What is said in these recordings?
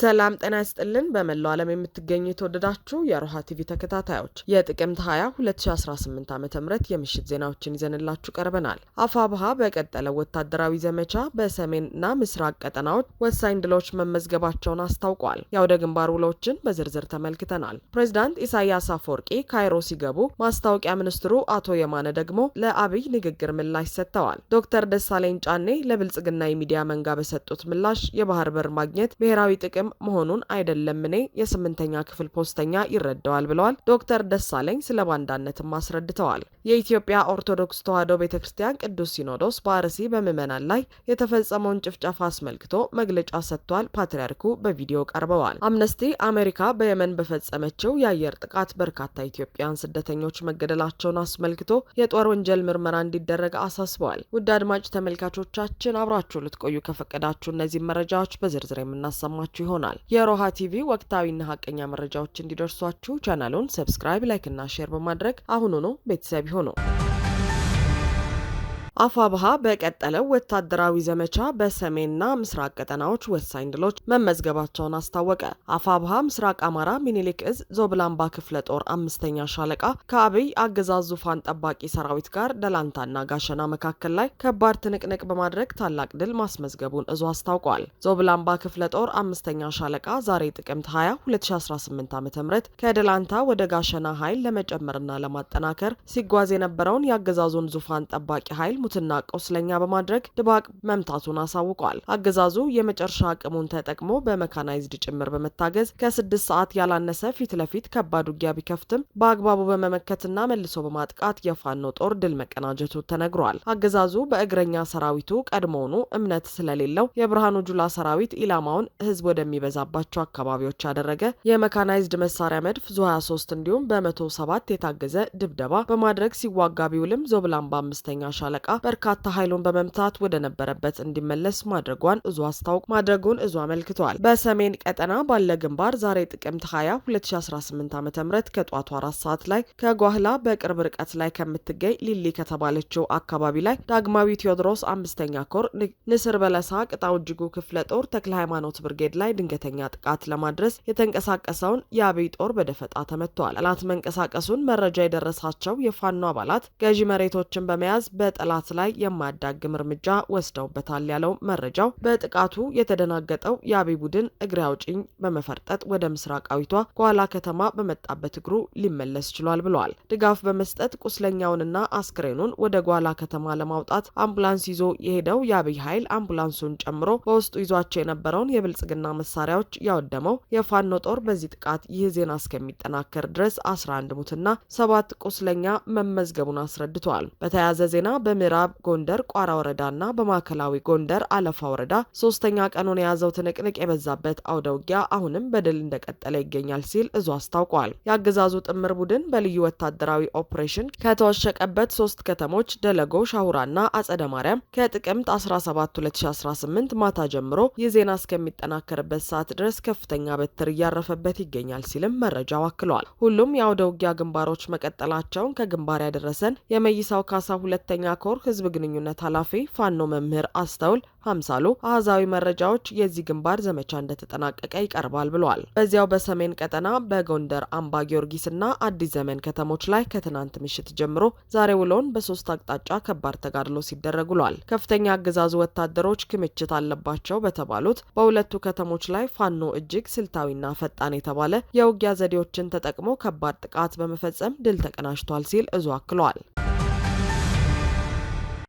ሰላም ጤና ይስጥልን። በመላው ዓለም የምትገኙ የተወደዳችሁ የሮሃ ቲቪ ተከታታዮች የጥቅምት 20 2018 ዓ ም የምሽት ዜናዎችን ይዘንላችሁ ቀርበናል። አፋብሃ በቀጠለው ወታደራዊ ዘመቻ በሰሜንና ምስራቅ ቀጠናዎች ወሳኝ ድሎች መመዝገባቸውን አስታውቋል። የአውደ ግንባር ውሎችን በዝርዝር ተመልክተናል። ፕሬዚዳንት ኢሳያስ አፈወርቂ ካይሮ ሲገቡ ማስታወቂያ ሚኒስትሩ አቶ የማነ ደግሞ ለአብይ ንግግር ምላሽ ሰጥተዋል። ዶክተር ደሳለኝ ጫኔ ለብልጽግና የሚዲያ መንጋ በሰጡት ምላሽ የባህር በር ማግኘት ብሔራዊ ጥቅም ጉዳይም መሆኑን አይደለም እኔ የስምንተኛ ክፍል ፖስተኛ ይረዳዋል ብለዋል ዶክተር ደሳለኝ ስለ ባንዳነትም አስረድተዋል። የኢትዮጵያ ኦርቶዶክስ ተዋሕዶ ቤተ ክርስቲያን ቅዱስ ሲኖዶስ በአርሲ በምዕመናን ላይ የተፈጸመውን ጭፍጨፋ አስመልክቶ መግለጫ ሰጥቷል። ፓትርያርኩ በቪዲዮ ቀርበዋል። አምነስቲ አሜሪካ በየመን በፈጸመችው የአየር ጥቃት በርካታ ኢትዮጵያን ስደተኞች መገደላቸውን አስመልክቶ የጦር ወንጀል ምርመራ እንዲደረግ አሳስበዋል። ውድ አድማጭ ተመልካቾቻችን አብራችሁ ልትቆዩ ከፈቀዳችሁ እነዚህ መረጃዎች በዝርዝር የምናሰማችሁ ይሆናል። ይሆናል። የሮሃ ቲቪ ወቅታዊና ሀቀኛ መረጃዎች እንዲደርሷችሁ ቻናሉን ሰብስክራይብ፣ ላይክ እና ሼር በማድረግ አሁኑኑ ቤተሰብ ይሁኑ። አፋብሃ በቀጠለው ወታደራዊ ዘመቻ በሰሜንና ምስራቅ ቀጠናዎች ወሳኝ ድሎች መመዝገባቸውን አስታወቀ። አፋብሃ ምስራቅ አማራ ሚኒሊክ እዝ ዞብላምባ ክፍለ ጦር አምስተኛ ሻለቃ ከአብይ አገዛዝ ዙፋን ጠባቂ ሰራዊት ጋር ደላንታና ጋሸና መካከል ላይ ከባድ ትንቅንቅ በማድረግ ታላቅ ድል ማስመዝገቡን እዙ አስታውቋል። ዞብላምባ ክፍለ ጦር አምስተኛ ሻለቃ ዛሬ ጥቅምት 20 2018 ዓ ም ከደላንታ ወደ ጋሸና ኃይል ለመጨመርና ለማጠናከር ሲጓዝ የነበረውን የአገዛዙን ዙፋን ጠባቂ ኃይል ሙትና ቆስለኛ በማድረግ ድባቅ መምታቱን አሳውቋል። አገዛዙ የመጨረሻ አቅሙን ተጠቅሞ በመካናይዝድ ጭምር በመታገዝ ከስድስት ሰዓት ያላነሰ ፊት ለፊት ከባድ ውጊያ ቢከፍትም በአግባቡ በመመከትና መልሶ በማጥቃት የፋኖ ጦር ድል መቀናጀቱ ተነግሯል። አገዛዙ በእግረኛ ሰራዊቱ ቀድሞውኑ እምነት ስለሌለው የብርሃኑ ጁላ ሰራዊት ኢላማውን ህዝብ ወደሚበዛባቸው አካባቢዎች ያደረገ የመካናይዝድ መሳሪያ መድፍ ዙ 23 እንዲሁም በመቶ ሰባት የታገዘ ድብደባ በማድረግ ሲዋጋ ቢውልም ዞብላምባ አምስተኛ ሻለቃ በርካታ ኃይሉን በመምታት ወደ ነበረበት እንዲመለስ ማድረጓን እዙ አስታውቅ ማድረጉን እዙ አመልክቷል። በሰሜን ቀጠና ባለ ግንባር ዛሬ ጥቅምት 20 2018 ዓ ም ከጧቱ አራት ሰዓት ላይ ከጓህላ በቅርብ ርቀት ላይ ከምትገኝ ሊሊ ከተባለችው አካባቢ ላይ ዳግማዊ ቴዎድሮስ አምስተኛ ኮር ንስር በለሳ ቅጣው እጅጉ ክፍለ ጦር ተክለ ሃይማኖት ብርጌድ ላይ ድንገተኛ ጥቃት ለማድረስ የተንቀሳቀሰውን የአብይ ጦር በደፈጣ ተመትቷል። ጠላት መንቀሳቀሱን መረጃ የደረሳቸው የፋኖ አባላት ገዢ መሬቶችን በመያዝ በጠላት ጥቃት ላይ የማያዳግም እርምጃ ወስደውበታል ያለው መረጃው በጥቃቱ የተደናገጠው የአቤ ቡድን እግሬ አውጪኝ በመፈርጠጥ ወደ ምስራቃዊቷ ጓላ ከተማ በመጣበት እግሩ ሊመለስ ችሏል ብለዋል። ድጋፍ በመስጠት ቁስለኛውንና አስክሬኑን ወደ ጓላ ከተማ ለማውጣት አምቡላንስ ይዞ የሄደው የአብይ ኃይል አምቡላንሱን ጨምሮ በውስጡ ይዟቸው የነበረውን የብልጽግና መሳሪያዎች ያወደመው የፋኖ ጦር በዚህ ጥቃት ይህ ዜና እስከሚጠናከር ድረስ 11 ሙትና ሰባት ቁስለኛ መመዝገቡን አስረድተዋል። በተያያዘ ዜና በም በምዕራብ ጎንደር ቋራ ወረዳና በማዕከላዊ ጎንደር አለፋ ወረዳ ሶስተኛ ቀኑን የያዘው ትንቅንቅ የበዛበት አውደ ውጊያ አሁንም በድል እንደቀጠለ ይገኛል ሲል እዙ አስታውቋል። የአገዛዙ ጥምር ቡድን በልዩ ወታደራዊ ኦፕሬሽን ከተወሸቀበት ሶስት ከተሞች ደለጎ፣ ሻሁራና አጸደ ማርያም ከጥቅምት 17 2018 ማታ ጀምሮ ይህ ዜና እስከሚጠናከርበት ሰዓት ድረስ ከፍተኛ በትር እያረፈበት ይገኛል ሲልም መረጃው አክሏል። ሁሉም የአውደ ውጊያ ግንባሮች መቀጠላቸውን ከግንባር ያደረሰን የመይሳው ካሳ ሁለተኛ ኮር ጦር ህዝብ ግንኙነት ኃላፊ ፋኖ መምህር አስተውል ሀምሳሉ አህዛዊ መረጃዎች የዚህ ግንባር ዘመቻ እንደተጠናቀቀ ይቀርባል ብለዋል። በዚያው በሰሜን ቀጠና በጎንደር አምባ ጊዮርጊስና አዲስ ዘመን ከተሞች ላይ ከትናንት ምሽት ጀምሮ ዛሬ ውሎውን በሶስት አቅጣጫ ከባድ ተጋድሎ ሲደረግ ውሏል። ከፍተኛ አገዛዙ ወታደሮች ክምችት አለባቸው በተባሉት በሁለቱ ከተሞች ላይ ፋኖ እጅግ ስልታዊና ፈጣን የተባለ የውጊያ ዘዴዎችን ተጠቅሞ ከባድ ጥቃት በመፈጸም ድል ተቀናጅቷል ሲል እዙ አክሏል።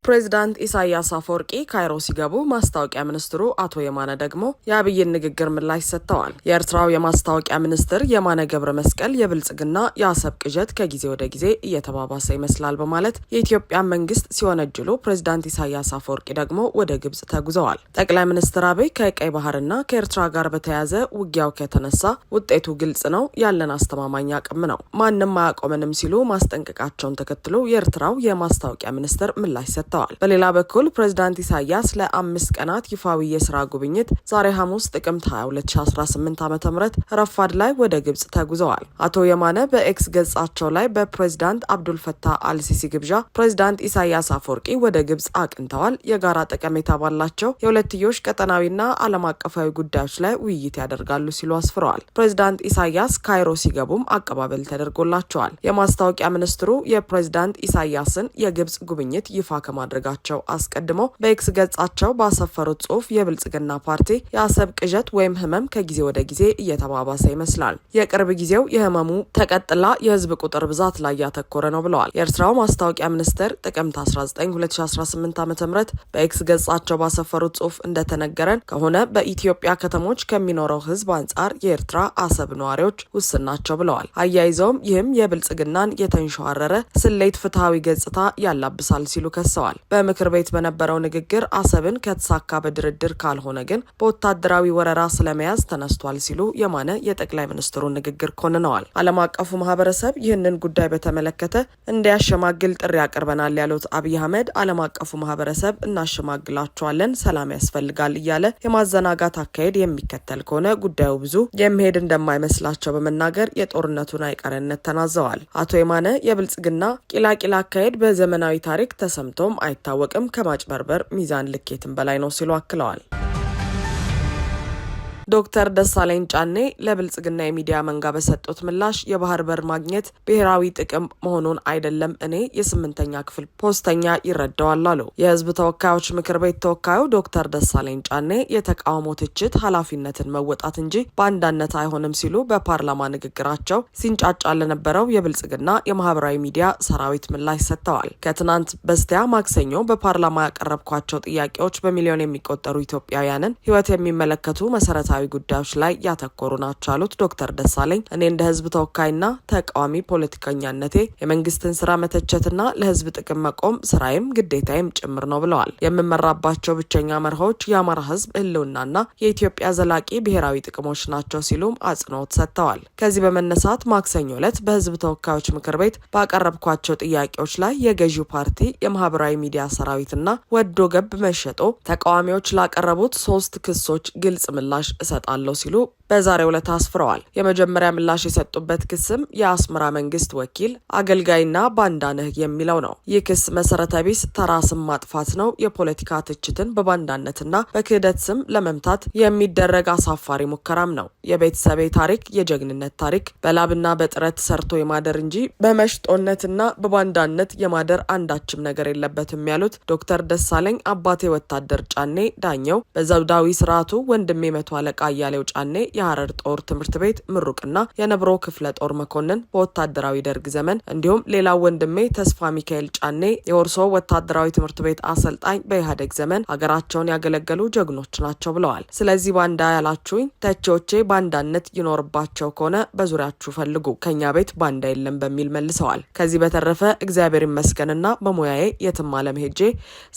ፕሬዚዳንት ኢሳያስ አፈወርቂ ካይሮ ሲገቡ ማስታወቂያ ሚኒስትሩ አቶ የማነ ደግሞ የአብይን ንግግር ምላሽ ሰጥተዋል። የኤርትራው የማስታወቂያ ሚኒስትር የማነ ገብረ መስቀል የብልጽግና የአሰብ ቅዠት ከጊዜ ወደ ጊዜ እየተባባሰ ይመስላል በማለት የኢትዮጵያ መንግስት ሲወነጅሉ፣ ፕሬዚዳንት ኢሳያስ አፈወርቂ ደግሞ ወደ ግብጽ ተጉዘዋል። ጠቅላይ ሚኒስትር አብይ ከቀይ ባህርና ከኤርትራ ጋር በተያያዘ ውጊያው ከተነሳ ውጤቱ ግልጽ ነው፣ ያለን አስተማማኝ አቅም ነው፣ ማንም አያቆመንም ሲሉ ማስጠንቀቃቸውን ተከትሎ የኤርትራው የማስታወቂያ ሚኒስትር ምላሽ ሰጥተዋል። ተከስተዋል። በሌላ በኩል ፕሬዚዳንት ኢሳያስ ለአምስት ቀናት ይፋዊ የስራ ጉብኝት ዛሬ ሐሙስ ጥቅምት 22 2018 ዓ ም ረፋድ ላይ ወደ ግብጽ ተጉዘዋል። አቶ የማነ በኤክስ ገጻቸው ላይ በፕሬዚዳንት አብዱልፈታህ አልሲሲ ግብዣ ፕሬዚዳንት ኢሳያስ አፈወርቂ ወደ ግብጽ አቅንተዋል። የጋራ ጠቀሜታ ባላቸው የሁለትዮሽ ቀጠናዊና ዓለም አቀፋዊ ጉዳዮች ላይ ውይይት ያደርጋሉ ሲሉ አስፍረዋል። ፕሬዚዳንት ኢሳያስ ካይሮ ሲገቡም አቀባበል ተደርጎላቸዋል። የማስታወቂያ ሚኒስትሩ የፕሬዚዳንት ኢሳያስን የግብጽ ጉብኝት ይፋ ከማ ማድረጋቸው አስቀድሞ በኤክስ ገጻቸው ባሰፈሩት ጽሁፍ የብልጽግና ፓርቲ የአሰብ ቅዠት ወይም ህመም ከጊዜ ወደ ጊዜ እየተባባሰ ይመስላል። የቅርብ ጊዜው የህመሙ ተቀጥላ የህዝብ ቁጥር ብዛት ላይ ያተኮረ ነው ብለዋል። የኤርትራው ማስታወቂያ ሚኒስትር ጥቅምት 19 2018 ዓ ም በኤክስ ገጻቸው ባሰፈሩት ጽሁፍ እንደተነገረን ከሆነ በኢትዮጵያ ከተሞች ከሚኖረው ህዝብ አንጻር የኤርትራ አሰብ ነዋሪዎች ውስን ናቸው ብለዋል። አያይዘውም ይህም የብልጽግናን የተንሸዋረረ ስሌት ፍትሐዊ ገጽታ ያላብሳል ሲሉ ከሰዋል። ተናግረዋል። በምክር ቤት በነበረው ንግግር አሰብን ከተሳካ በድርድር ካልሆነ ግን በወታደራዊ ወረራ ስለመያዝ ተነስቷል ሲሉ የማነ የጠቅላይ ሚኒስትሩን ንግግር ኮንነዋል። ዓለም አቀፉ ማህበረሰብ ይህንን ጉዳይ በተመለከተ እንዲያሸማግል ጥሪ ያቀርበናል ያሉት አብይ አህመድ ዓለም አቀፉ ማህበረሰብ እናሸማግላቸዋለን፣ ሰላም ያስፈልጋል እያለ የማዘናጋት አካሄድ የሚከተል ከሆነ ጉዳዩ ብዙ የሚሄድ እንደማይመስላቸው በመናገር የጦርነቱን አይቀርነት ተናዘዋል። አቶ የማነ የብልጽግና ቂላቂላ አካሄድ በዘመናዊ ታሪክ ተሰምቶም አይታወቅም፣ ከማጭበርበር ሚዛን ልኬትም በላይ ነው ሲሉ አክለዋል። ዶክተር ደሳለኝ ጫኔ ለብልጽግና የሚዲያ መንጋ በሰጡት ምላሽ የባህር በር ማግኘት ብሔራዊ ጥቅም መሆኑን አይደለም እኔ የስምንተኛ ክፍል ፖስተኛ ይረዳዋል አሉ። የህዝብ ተወካዮች ምክር ቤት ተወካዩ ዶክተር ደሳለኝ ጫኔ የተቃውሞ ትችት ኃላፊነትን መወጣት እንጂ በአንዳነት አይሆንም ሲሉ በፓርላማ ንግግራቸው ሲንጫጫ ለነበረው የብልጽግና የማህበራዊ ሚዲያ ሰራዊት ምላሽ ሰጥተዋል። ከትናንት በስቲያ ማክሰኞ በፓርላማ ያቀረብኳቸው ጥያቄዎች በሚሊዮን የሚቆጠሩ ኢትዮጵያውያንን ህይወት የሚመለከቱ መሰረታዊ ወቅታዊ ጉዳዮች ላይ ያተኮሩ ናቸው ያሉት ዶክተር ደሳለኝ እኔ እንደ ህዝብ ተወካይና ተቃዋሚ ፖለቲከኛነቴ የመንግስትን ስራ መተቸትና ለህዝብ ጥቅም መቆም ስራዬም ግዴታዬም ጭምር ነው ብለዋል። የምመራባቸው ብቸኛ መርሆች የአማራ ህዝብ ህልውናና የኢትዮጵያ ዘላቂ ብሔራዊ ጥቅሞች ናቸው ሲሉም አጽንኦት ሰጥተዋል። ከዚህ በመነሳት ማክሰኞ ዕለት በህዝብ ተወካዮች ምክር ቤት ባቀረብኳቸው ጥያቄዎች ላይ የገዢው ፓርቲ የማህበራዊ ሚዲያ ሰራዊትና ወዶ ገብ መሸጦ ተቃዋሚዎች ላቀረቡት ሶስት ክሶች ግልጽ ምላሽ እሰጣለሁ ሲሉ በዛሬው ዕለት አስፍረዋል። የመጀመሪያ ምላሽ የሰጡበት ክስም የአስመራ መንግስት ወኪል አገልጋይና ባንዳ ነህ የሚለው ነው። ይህ ክስ መሰረተ ቢስ ተራ ስም ማጥፋት ነው። የፖለቲካ ትችትን በባንዳነትና በክህደት ስም ለመምታት የሚደረግ አሳፋሪ ሙከራም ነው። የቤተሰቤ ታሪክ የጀግንነት ታሪክ በላብና በጥረት ሰርቶ የማደር እንጂ በመሽጦነትና በባንዳነት የማደር አንዳችም ነገር የለበትም ያሉት ዶክተር ደሳለኝ አባቴ ወታደር ጫኔ ዳኘው በዘውዳዊ ስርዓቱ ወንድሜ መቶ አለቃ ሻለቃ አያሌው ጫኔ የሀረር ጦር ትምህርት ቤት ምሩቅና የነብሮ ክፍለ ጦር መኮንን በወታደራዊ ደርግ ዘመን እንዲሁም ሌላው ወንድሜ ተስፋ ሚካኤል ጫኔ የወርሶ ወታደራዊ ትምህርት ቤት አሰልጣኝ በኢህአዴግ ዘመን ሀገራቸውን ያገለገሉ ጀግኖች ናቸው ብለዋል። ስለዚህ ባንዳ ያላችሁኝ ተቺዎቼ ባንዳነት ይኖርባቸው ከሆነ በዙሪያችሁ ፈልጉ፣ ከኛ ቤት ባንዳ የለም በሚል መልሰዋል። ከዚህ በተረፈ እግዚአብሔር ይመስገንና በሙያዬ የትም ዓለም ሄጄ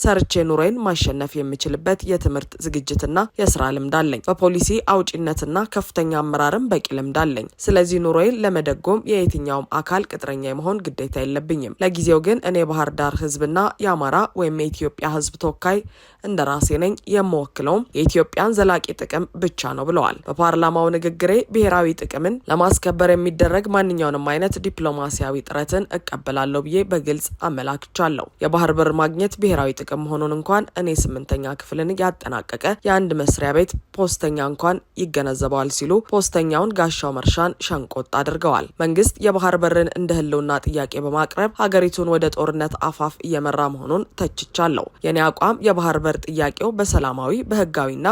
ሰርቼ ኑሬን ማሸነፍ የምችልበት የትምህርት ዝግጅትና የስራ ልምድ አለኝ። በፖሊሲ ፖሊሲ አውጪነትና ከፍተኛ አመራርም በቂ ልምድ አለኝ። ስለዚህ ኑሮዬን ለመደጎም የየትኛውም አካል ቅጥረኛ የመሆን ግዴታ የለብኝም። ለጊዜው ግን እኔ ባህር ዳር ህዝብና የአማራ ወይም የኢትዮጵያ ህዝብ ተወካይ እንደ ራሴ ነኝ። የምወክለውም የኢትዮጵያን ዘላቂ ጥቅም ብቻ ነው ብለዋል። በፓርላማው ንግግሬ ብሔራዊ ጥቅምን ለማስከበር የሚደረግ ማንኛውንም አይነት ዲፕሎማሲያዊ ጥረትን እቀበላለሁ ብዬ በግልጽ አመላክቻለሁ። የባህር በር ማግኘት ብሔራዊ ጥቅም መሆኑን እንኳን እኔ ስምንተኛ ክፍልን ያጠናቀቀ የአንድ መስሪያ ቤት ፖስተኛ እንኳን ይገነዘበዋል ሲሉ ፖስተኛውን ጋሻው መርሻን ሸንቆጥ አድርገዋል። መንግስት የባህር በርን እንደ ህልውና ጥያቄ በማቅረብ ሀገሪቱን ወደ ጦርነት አፋፍ እየመራ መሆኑን ተችቻለሁ። የኔ አቋም የባህር በር ጥያቄው በሰላማዊ በህጋዊና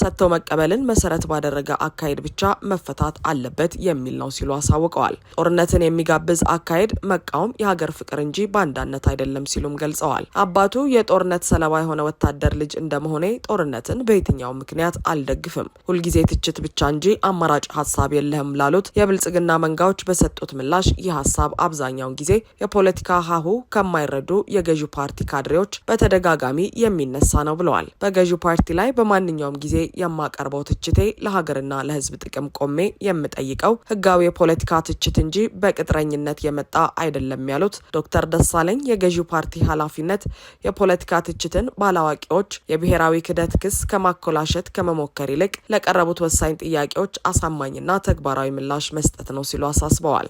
ሰጥቶ መቀበልን መሰረት ባደረገ አካሄድ ብቻ መፈታት አለበት የሚል ነው ሲሉ አሳውቀዋል። ጦርነትን የሚጋብዝ አካሄድ መቃወም የሀገር ፍቅር እንጂ ባንዳነት አይደለም ሲሉም ገልጸዋል። አባቱ የጦርነት ሰለባ የሆነ ወታደር ልጅ እንደመሆኔ ጦርነትን በየትኛው ምክንያት አልደግፍም። ሁልጊዜ ትችት ብቻ እንጂ አማራጭ ሀሳብ የለህም ላሉት የብልጽግና መንጋዎች በሰጡት ምላሽ ይህ ሀሳብ አብዛኛውን ጊዜ የፖለቲካ ሀሁ ከማይረዱ የገዢው ፓርቲ ካድሬዎች በተደጋጋሚ የሚነሳ ነው ብለዋል። በገዢው ፓርቲ ላይ በማንኛውም ጊዜ የማቀርበው ትችቴ ለሀገርና ለህዝብ ጥቅም ቆሜ የምጠይቀው ህጋዊ የፖለቲካ ትችት እንጂ በቅጥረኝነት የመጣ አይደለም ያሉት ዶክተር ደሳለኝ የገዢው ፓርቲ ኃላፊነት የፖለቲካ ትችትን ባላዋቂዎች የብሔራዊ ክደት ክስ ከማኮላሸት ከመሞከር ይልቅ ለቀረቡት ወሳኝ ጥያቄዎች አሳማኝና ተግባራዊ ምላሽ መስጠት ነው ሲሉ አሳስበዋል።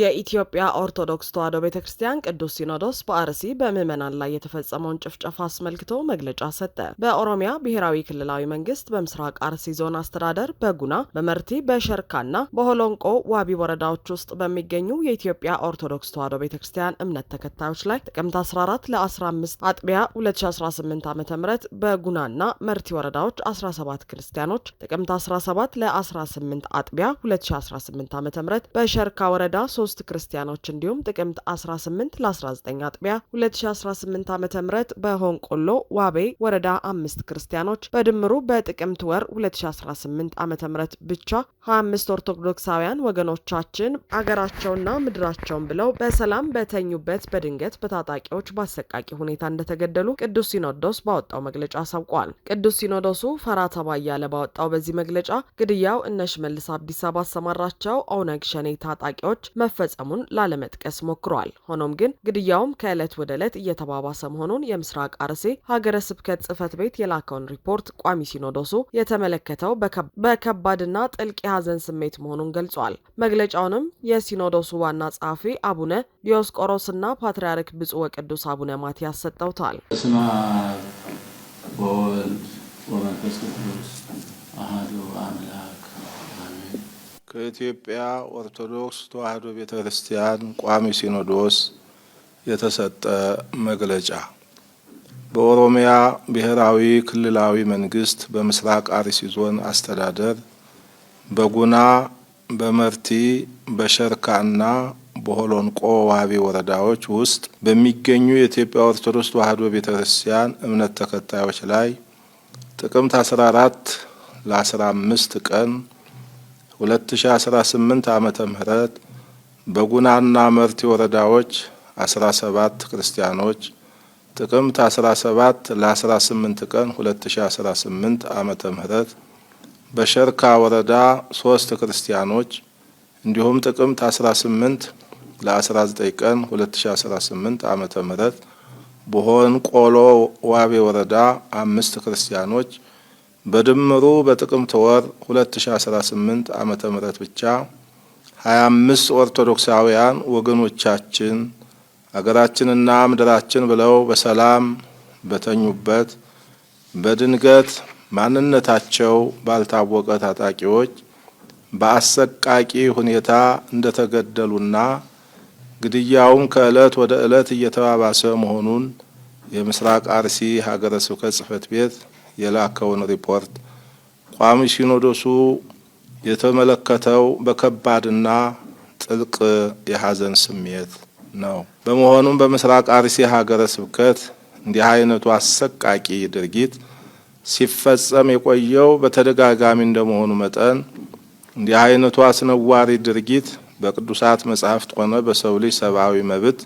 የኢትዮጵያ ኦርቶዶክስ ተዋሕዶ ቤተ ክርስቲያን ቅዱስ ሲኖዶስ በአርሲ በምዕመናን ላይ የተፈጸመውን ጭፍጨፋ አስመልክቶ መግለጫ ሰጠ። በኦሮሚያ ብሔራዊ ክልላዊ መንግስት በምስራቅ አርሲ ዞን አስተዳደር በጉና በመርቲ በሸርካና በሆሎንቆ ዋቢ ወረዳዎች ውስጥ በሚገኙ የኢትዮጵያ ኦርቶዶክስ ተዋሕዶ ቤተ ክርስቲያን እምነት ተከታዮች ላይ ጥቅምት 14 ለ15 አጥቢያ 2018 ዓ.ም በጉናና መርቲ ወረዳዎች 17 ክርስቲያኖች ጥቅምት 17 ለ18 አጥቢያ 2018 ዓ.ም በሸርካ ወረዳ ሶስት ክርስቲያኖች እንዲሁም ጥቅምት 18 ለ19 አጥቢያ 2018 ዓ ም በሆንቆሎ ዋቤ ወረዳ አምስት ክርስቲያኖች በድምሩ በጥቅምት ወር 2018 ዓ ም ብቻ 25 ኦርቶዶክሳውያን ወገኖቻችን አገራቸውና ምድራቸውን ብለው በሰላም በተኙበት በድንገት በታጣቂዎች በአሰቃቂ ሁኔታ እንደተገደሉ ቅዱስ ሲኖዶስ ባወጣው መግለጫ አሳውቋል። ቅዱስ ሲኖዶሱ ፈራ ተባ እያለ ባወጣው በዚህ መግለጫ ግድያው መልስ አዲስ አብዲሳ አሰማራቸው ኦነግ ሸኔ ታጣቂዎች መፈጸሙን ላለመጥቀስ ሞክሯል። ሆኖም ግን ግድያውም ከዕለት ወደ ዕለት እየተባባሰ መሆኑን የምስራቅ አርሴ ሀገረ ስብከት ጽህፈት ቤት የላከውን ሪፖርት ቋሚ ሲኖዶሱ የተመለከተው በከባድና ጥልቅ የሀዘን ስሜት መሆኑን ገልጿል። መግለጫውንም የሲኖዶሱ ዋና ጸሐፊ አቡነ ዲዮስቆሮስና ፓትርያርክ ብፁዕ ወቅዱስ አቡነ ማትያስ ሰጠውታል። በስመ አብ ወወልድ ወመንፈስ ቅዱስ አሐዱ አምላክ ከኢትዮጵያ ኦርቶዶክስ ተዋሕዶ ቤተ ክርስቲያን ቋሚ ሲኖዶስ የተሰጠ መግለጫ በኦሮሚያ ብሔራዊ ክልላዊ መንግስት በምስራቅ አርሲ ዞን አስተዳደር በጉና በመርቲ በሸርካና በሆሎንቆ ዋቢ ወረዳዎች ውስጥ በሚገኙ የኢትዮጵያ ኦርቶዶክስ ተዋሕዶ ቤተ ክርስቲያን እምነት ተከታዮች ላይ ጥቅምት 14 ለ15 ቀን 2018 ዓመተ ምህረት በጉናና መርቲ ወረዳዎች 17 ክርስቲያኖች ጥቅምት 17 ለ18 ቀን 2018 ዓመተ ምህረት በሸርካ ወረዳ 3 ክርስቲያኖች እንዲሁም ጥቅምት 18 ለ19 ቀን 2018 ዓመተ ምህረት በሆን ቆሎ ዋቤ ወረዳ አምስት ክርስቲያኖች በድምሩ በጥቅምት ወር 2018 ዓመተ ምህረት ብቻ 25 ኦርቶዶክሳውያን ወገኖቻችን አገራችንና ምድራችን ብለው በሰላም በተኙበት በድንገት ማንነታቸው ባልታወቀ ታጣቂዎች በአሰቃቂ ሁኔታ እንደተገደሉና ግድያውም ከዕለት ወደ ዕለት እየተባባሰ መሆኑን የምስራቅ አርሲ ሀገረ ስብከት ጽሕፈት ቤት የላከውን ሪፖርት ቋሚ ሲኖዶሱ የተመለከተው በከባድና ጥልቅ የሐዘን ስሜት ነው። በመሆኑም በምስራቅ አርሲ ሀገረ ስብከት እንዲህ አይነቱ አሰቃቂ ድርጊት ሲፈጸም የቆየው በተደጋጋሚ እንደመሆኑ መጠን እንዲህ አይነቱ አስነዋሪ ድርጊት በቅዱሳት መጻሕፍት ሆነ በሰው ልጅ ሰብአዊ መብት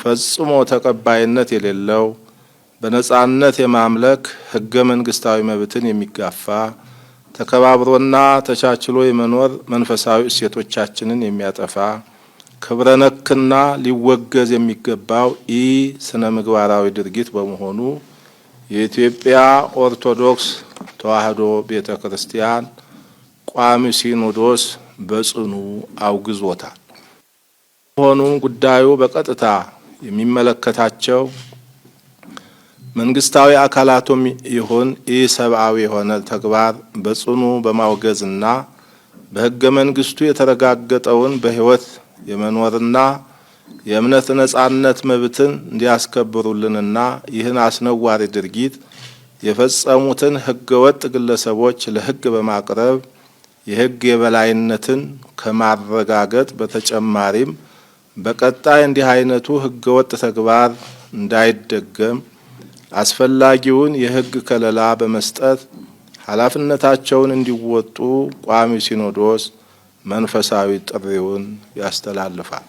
ፈጽሞ ተቀባይነት የሌለው በነጻነት የማምለክ ህገ መንግስታዊ መብትን የሚጋፋ ተከባብሮና ተቻችሎ የመኖር መንፈሳዊ እሴቶቻችንን የሚያጠፋ ክብረ ነክና ሊወገዝ የሚገባው ኢ ስነ ምግባራዊ ድርጊት በመሆኑ የኢትዮጵያ ኦርቶዶክስ ተዋህዶ ቤተ ክርስቲያን ቋሚ ሲኖዶስ በጽኑ አውግዞታል። ሆኑም ጉዳዩ በቀጥታ የሚመለከታቸው መንግስታዊ አካላቱም ይሁን ይህ ሰብአዊ የሆነ ተግባር በጽኑ በማውገዝና በሕገ መንግስቱ የተረጋገጠውን በህይወት የመኖርና የእምነት ነጻነት መብትን እንዲያስከብሩልንና ይህን አስነዋሪ ድርጊት የፈጸሙትን ወጥ ግለሰቦች ለሕግ በማቅረብ የሕግ የበላይነትን ከማረጋገጥ በተጨማሪም በቀጣይ እንዲህ አይነቱ ወጥ ተግባር እንዳይደገም አስፈላጊውን የሕግ ከለላ በመስጠት ኃላፊነታቸውን እንዲወጡ ቋሚ ሲኖዶስ መንፈሳዊ ጥሪውን ያስተላልፋል።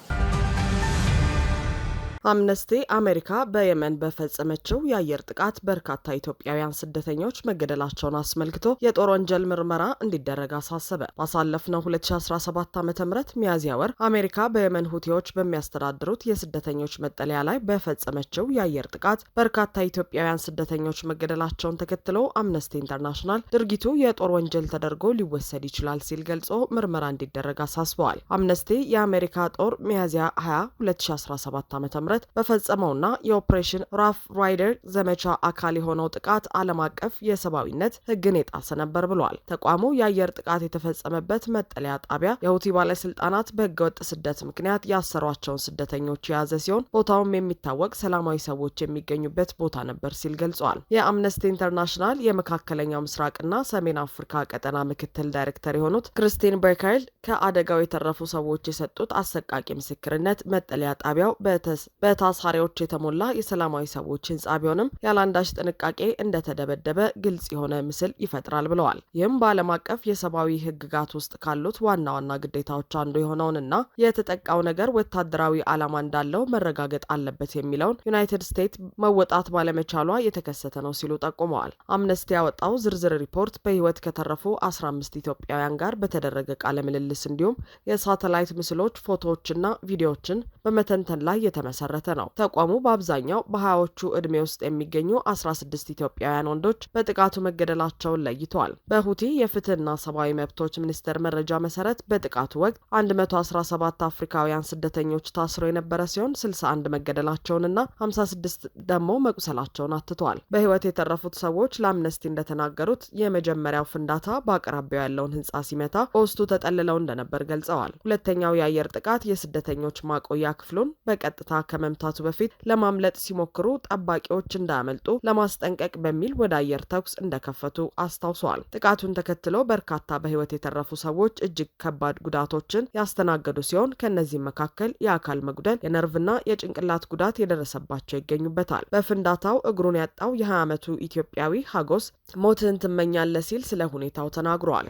አምነስቲ አሜሪካ በየመን በፈጸመችው የአየር ጥቃት በርካታ ኢትዮጵያውያን ስደተኞች መገደላቸውን አስመልክቶ የጦር ወንጀል ምርመራ እንዲደረግ አሳሰበ። ባሳለፍነው 2017 ዓ ም ሚያዝያ ወር አሜሪካ በየመን ሁቴዎች በሚያስተዳድሩት የስደተኞች መጠለያ ላይ በፈጸመችው የአየር ጥቃት በርካታ ኢትዮጵያውያን ስደተኞች መገደላቸውን ተከትሎ አምነስቲ ኢንተርናሽናል ድርጊቱ የጦር ወንጀል ተደርጎ ሊወሰድ ይችላል ሲል ገልጾ ምርመራ እንዲደረግ አሳስበዋል። አምነስቲ የአሜሪካ ጦር ሚያዝያ 20 2017 ዓ ም ጥምረት በፈጸመውና የኦፕሬሽን ራፍ ራይደር ዘመቻ አካል የሆነው ጥቃት ዓለም አቀፍ የሰብአዊነት ሕግን የጣሰ ነበር ብሏል። ተቋሙ የአየር ጥቃት የተፈጸመበት መጠለያ ጣቢያ የሁቲ ባለስልጣናት በህገወጥ ስደት ምክንያት ያሰሯቸውን ስደተኞች የያዘ ሲሆን ቦታውም የሚታወቅ ሰላማዊ ሰዎች የሚገኙበት ቦታ ነበር ሲል ገልጿል። የአምነስቲ ኢንተርናሽናል የመካከለኛው ምስራቅና ሰሜን አፍሪካ ቀጠና ምክትል ዳይሬክተር የሆኑት ክርስቲን በርካይል ከአደጋው የተረፉ ሰዎች የሰጡት አሰቃቂ ምስክርነት መጠለያ ጣቢያው በተስ በታሳሪዎች የተሞላ የሰላማዊ ሰዎች ህንጻ ቢሆንም ያለአንዳች ጥንቃቄ እንደተደበደበ ግልጽ የሆነ ምስል ይፈጥራል ብለዋል። ይህም በዓለም አቀፍ የሰብአዊ ህግጋት ውስጥ ካሉት ዋና ዋና ግዴታዎች አንዱ የሆነውንና የተጠቃው ነገር ወታደራዊ ዓላማ እንዳለው መረጋገጥ አለበት የሚለውን ዩናይትድ ስቴትስ መወጣት ባለመቻሏ የተከሰተ ነው ሲሉ ጠቁመዋል። አምነስቲ ያወጣው ዝርዝር ሪፖርት በህይወት ከተረፉ 15 ኢትዮጵያውያን ጋር በተደረገ ቃለ ምልልስ እንዲሁም የሳተላይት ምስሎች፣ ፎቶዎችና ቪዲዮዎችን በመተንተን ላይ የተመሰረ የተመሰረተ ነው። ተቋሙ በአብዛኛው በሀያዎቹ ዕድሜ ውስጥ የሚገኙ 16 ኢትዮጵያውያን ወንዶች በጥቃቱ መገደላቸውን ለይተዋል። በሁቲ የፍትህና ሰብአዊ መብቶች ሚኒስቴር መረጃ መሰረት በጥቃቱ ወቅት 117 አፍሪካውያን ስደተኞች ታስሮ የነበረ ሲሆን 61 መገደላቸውንና 56 ደግሞ መቁሰላቸውን አትተዋል። በህይወት የተረፉት ሰዎች ለአምነስቲ እንደተናገሩት የመጀመሪያው ፍንዳታ በአቅራቢያው ያለውን ህንፃ ሲመታ በውስጡ ተጠልለው እንደነበር ገልጸዋል። ሁለተኛው የአየር ጥቃት የስደተኞች ማቆያ ክፍሉን በቀጥታ ከመምታቱ በፊት ለማምለጥ ሲሞክሩ ጠባቂዎች እንዳያመልጡ ለማስጠንቀቅ በሚል ወደ አየር ተኩስ እንደከፈቱ አስታውሰዋል። ጥቃቱን ተከትሎ በርካታ በህይወት የተረፉ ሰዎች እጅግ ከባድ ጉዳቶችን ያስተናገዱ ሲሆን ከእነዚህም መካከል የአካል መጉደል፣ የነርቭና የጭንቅላት ጉዳት የደረሰባቸው ይገኙበታል። በፍንዳታው እግሩን ያጣው የ20 ዓመቱ ኢትዮጵያዊ ሀጎስ ሞትህን ትመኛለህ ሲል ስለ ሁኔታው ተናግሯል።